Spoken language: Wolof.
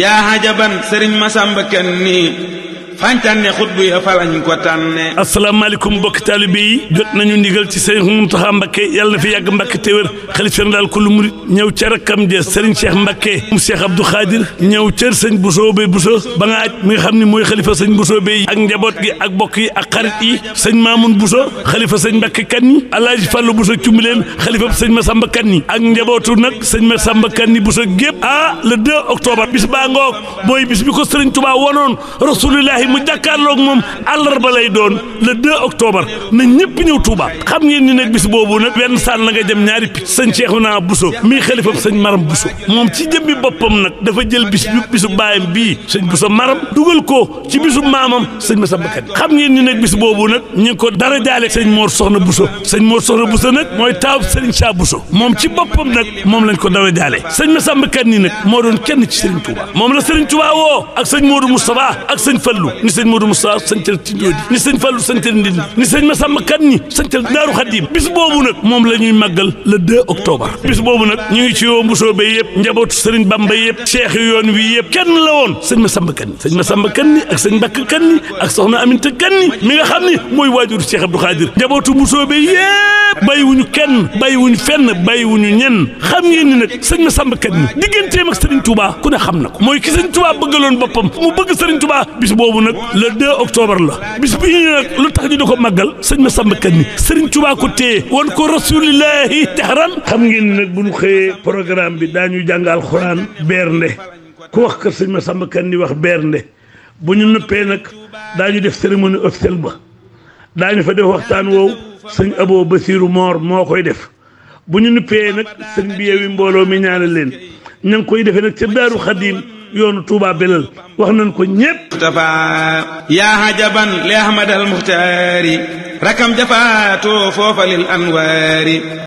yaa hajaban sëriñ Masamba Kanni fancanne xutbu ya falañ ko tànne asalaamaaleykum mbokki taalibe yi jot nañu ndigal ci sëriñ Muntaxa Mbakke yàlla na fi yàgg Mbakke te wér xalif général kullu murit ñëw ca rakkam ja sëriñ Cheikh Mbakke mu Cheikh Abdou Khadir ñëw cër sëñ Bousobe Bousso ba nga aj mi nga xam ne mooy xalifa sëñ Bousobe yi ak njaboot gi ak bokk yi ak xarit yi sëñ Mamoun Bousso xalifa sëñ Mbakke Kanni Alaaji Fallu Bousso cumbileen xalifa sëñ Masamba Kanni ak njabootu nag sëñ Masamba Kanni Bousso gépp ah le 2 octobre bis baa ngoog mooy bis bi ko sëriñ Tuubaa wonoon rasulillahi tey mu jàkkaarloog moom àllarba lay doon le 2 octobre na ñëpp ñëw tuuba xam ngeen ni nag bis boobu nag wenn saan la nga jëm ñaari picc sëñ Cheikhouna Bousso mii xalifam sëñ Maram Bousso moom ci jëmmi boppam nag dafa jël bis bi bisu baayam bii sëñ Bousso Maram dugal ko ci bisu maamam sëñ Massamba Kadi xam ngeen ni nag bis boobu nag ñu ngi ko dara jaale sëñ moor Soxna Bousso sëñ Mor Soxna Bousso nag mooy taaw sëriñ Saa Bousso moom ci boppam nag moom lañ ko dara jaale sëñ Massamba Kadi nag moo doon kenn ci moom la sëriñ Touba woo ak sëñ Modou Moustapha ak sëñ Fallou ni sëñ Modou Moussa santal Tindodi ni sëñ Fallou santal Ndindi ni sëñ Massamba Kanni santal Daaru Xadim bis boobu nag moom la ñuy màggal le 2 octobre bis boobu nag ñu ngi ci yoo mbusoo ba yëpp njabootu sëriñ Bamba yëpp cheikh yoon wi yëpp kenn la woon sëñ Massamba Kanni sëñ Massamba Kanni ak sëñ Mbàkke Kanni ak soxna Aminta Kanni mi nga xam ni mooy waajuru Cheikh Abdou Khadir njabootu mbusoo ba yëpp bàyyiwuñu kenn bàyyiwuñu fenn bàyyiwuñu ñenn xam ngeen ni nag sëñ Massamba Kanni digganteem ak sëriñ Touba ku ne xam na ko mooy ki sëriñ Touba bëggaloon boppam nag le 2 octobre la bis bi lu tax ñu di ko màggal sëñ ma sàmba kan ni sëriñ Tuubaa ko téye woon ko rasulillahi taxaran xam ngeen ne bu ñu xëyee programme bi daañu jàngal xuraan bernde ku wax kër sëñ ma sàmba kan ni wax bernde bu ñu nëppee nag daañu def cérémonie officielle ba daañu fa def waxtaan woowu sëñ Abo Basiru Moor moo koy def bu ñu nëppee nag sëñ bi yeewi mbooloo mi leen ña ngi koy defee nag ca Daaru Xadim yoonu Touba Belal wax nañ ko ñépp tafa yaa hajaban li ahmad al muxtaari rakam jafaatoo foofa lil anwaari